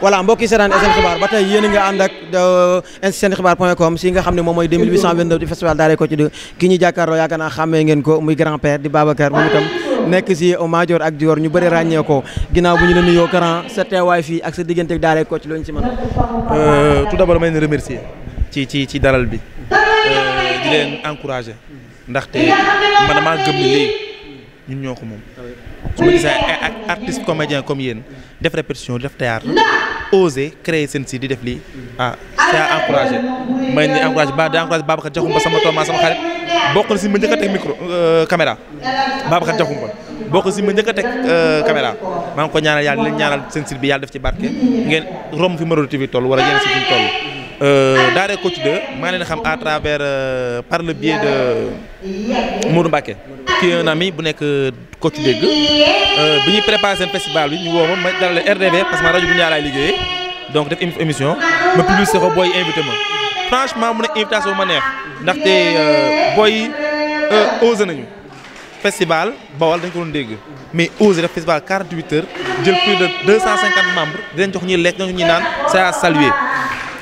voilà mbokk yi seetaan SN Xibaar ba tey yéen a ngi ànd ak euh, seen xibaar point com si nga xam ne moom mooy 2829 di festival daaree ko ci di ki ñu jàkkaarloo yaakaar naa xàmmee ngeen ko muy grand père di Babacar moom itam nekk si Madior ak Dior ñu bëri ràññee ko ginnaaw bu ñu la yoo grand sa teewaay fii ak sa diggante ak daaree ko ci loolu ñu si mën euh, tout d'abord may leen remercier ci ci ci dalal bi euh, di leen encourager ndaxte man maa gëm ni lii ñun ñoo ko moom comme ma artiste comédien comme yéen def répétition def théâtre oser créer de def c'est à ah, encourager mais ni encouragé ba ka qui sama sama xarit bokk ci ma a micro euh, caméra a euh, caméra je ko ñaanal ñaanal bi ci barke ngeen rom fi TV toll wala euh, Daara Coach 2 maa leen xam à travers euh, par le biais de Mourou Mbacké qui est un ami bu nekk Coach dégg euh, bi ñuy préparé un festival bi ñu woo ma ma RDV parce que ma rajo bu ñaa laay liggéeyee donc def émission ma publicité ko Boy invité ma franchement mu ne invitation ma neex ndaxte Boy osé nañu festival Bawal dañ ko doon dégg mais osé def festival 48 heures jël plus de 250 membres dinañ jox ñi lekk ñoo ñuy naan c'est à saluer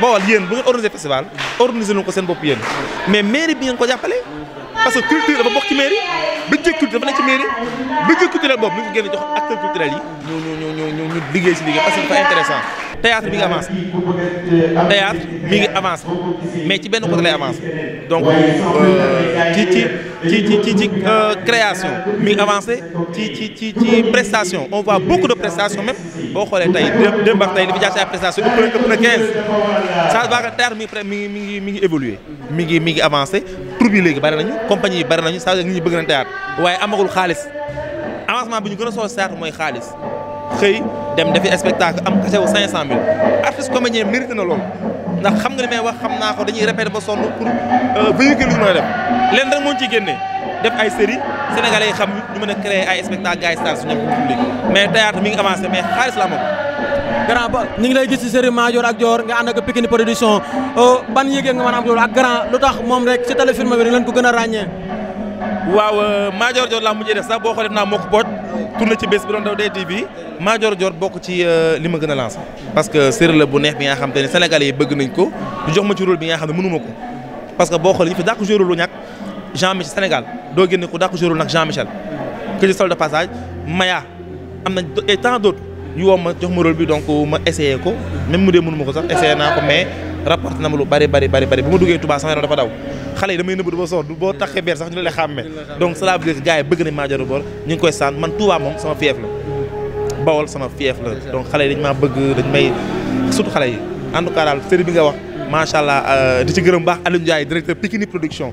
Bon, allez on organiser festival organiser nous mais mairie bien quoi parce que culture dafa pas qui mairie budget culturel dafa nekk ci mairie budget culturel boobu mi ngi ko jox acteur culturels yi ñu ñu ñu ñu ñu liggéey si liggéey parce que dafa intéressant théâtre mi ngi avance théâtre mi ngi avance mais ci benn côté lay avance donc euh, ci ci ci ci ci euh, création mi ngi avancé ci ci ci ci prestation on voit beaucoup de prestations même boo xoolee tey deux deux mbaa tey li fi jaar ci ay prestations ëpp na quinze ça va que théâtre mi ngi mi ngi mi ngi évolué mi ngi mi ngi avancé troupe yi léegi bari nañu compagnie yi bari nañu ça nit ñi bëgg nañ théâtre waaye amagul xaalis avancement bi ñu gën a soo saatu mooy xaalis xëy dem dafi spectacle am kasewu 500000 artiste comédien mérite na loolu ndax xam nga li may wax xam naa ko dañuy répété ba sonn pour euh, véhicule lu ñu mën a leen rek moo ciy génnee def ay série sénégalais xam ñu mën a créer ay spectacle gars yi star su ñam public mais théâtre mi ngi avancé mais xaalis la moom grand ba ñu ngi lay gis ci série Madior ak Dior nga ànd ak Pikini production euh, ban lu tax moom rek ci téléfilm bi dañ leen ko gën a ràññee waaw euh, Madior Dior laa mujjee def sax boo xoolee naa moo ko boot tourné ci bés bi doon daw DTV Madior Dior bokk ci euh, li ma gën a lancé. parce que série la bu neex bi nga xam te ne sénégal yi bëgg nañ ko ñu jox ma ci rôle bi nga xam ne mënu ko parce que boo xoolee ñu fi dàq joué lu ñàkk Jean Michel Sénégal doo génne ko dàq joué rôle nag Jean Michel. que ci sol de passage Maya am na et tant d' autres ma jox ma rôle bi donc ma essayé ko même mu dee ko sax essayé naa ko mais. rapporté na ma lu bari bari bari bari bu ma duggee Touba sama yaram dafa daw xale yi damay nëbb ba sonn boo taxee beer sax ñu la xàmmee donc cela veut dire que gars yi bëgg nañ maa boor ñu ngi koy sant man Touba moom sama fief la Bawol sama fief la donc xale yi dañ maa bëgg dañ may surtout xale yi en tout cas daal série bi nga wax macha allah euh, di ci gërëm baax Aliou Ndiaye directeur Pikini production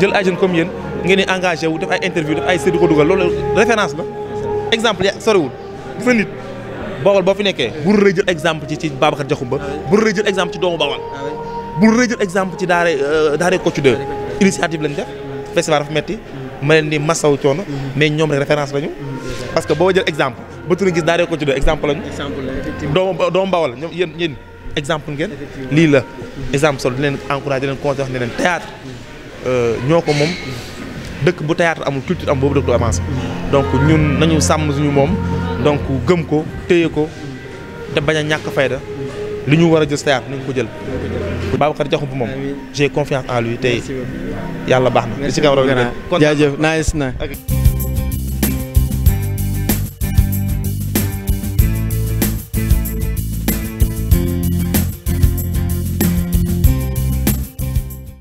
jël ay jeunes comme yéen ngeen di wu def ay interview def ay séddu ko dugal loolu référence la exemple ya soriwul gis nga nit Bawol boo fi nekkee bu rëy jël exemple ci ci Babacar Diakhoumba bu rëy jël exemple ci doomu Bawol ah bu rëy jël exemple ci daare euh, daare initiative lañ def festival dafa metti ma leen di masaw coono mais ñoom rek référence lañu parce que boo jël exemple ba tudd gis daare Kocc 2 exemple lañu doomu doomu Bawol la Euh, ñoo ko moom dëkk bu théâtre amul culture am boobu dëkk du avancé donc ñun nañu sàmm suñu moom donc gëm ko téye ko te bañ a ñàkk fayda li ñu war a jël théâtre nañ ko jël Babacar Diakhoumpa moom j'ai confiance en lui tey yàlla baax na li si kaw raw jaajëf nice na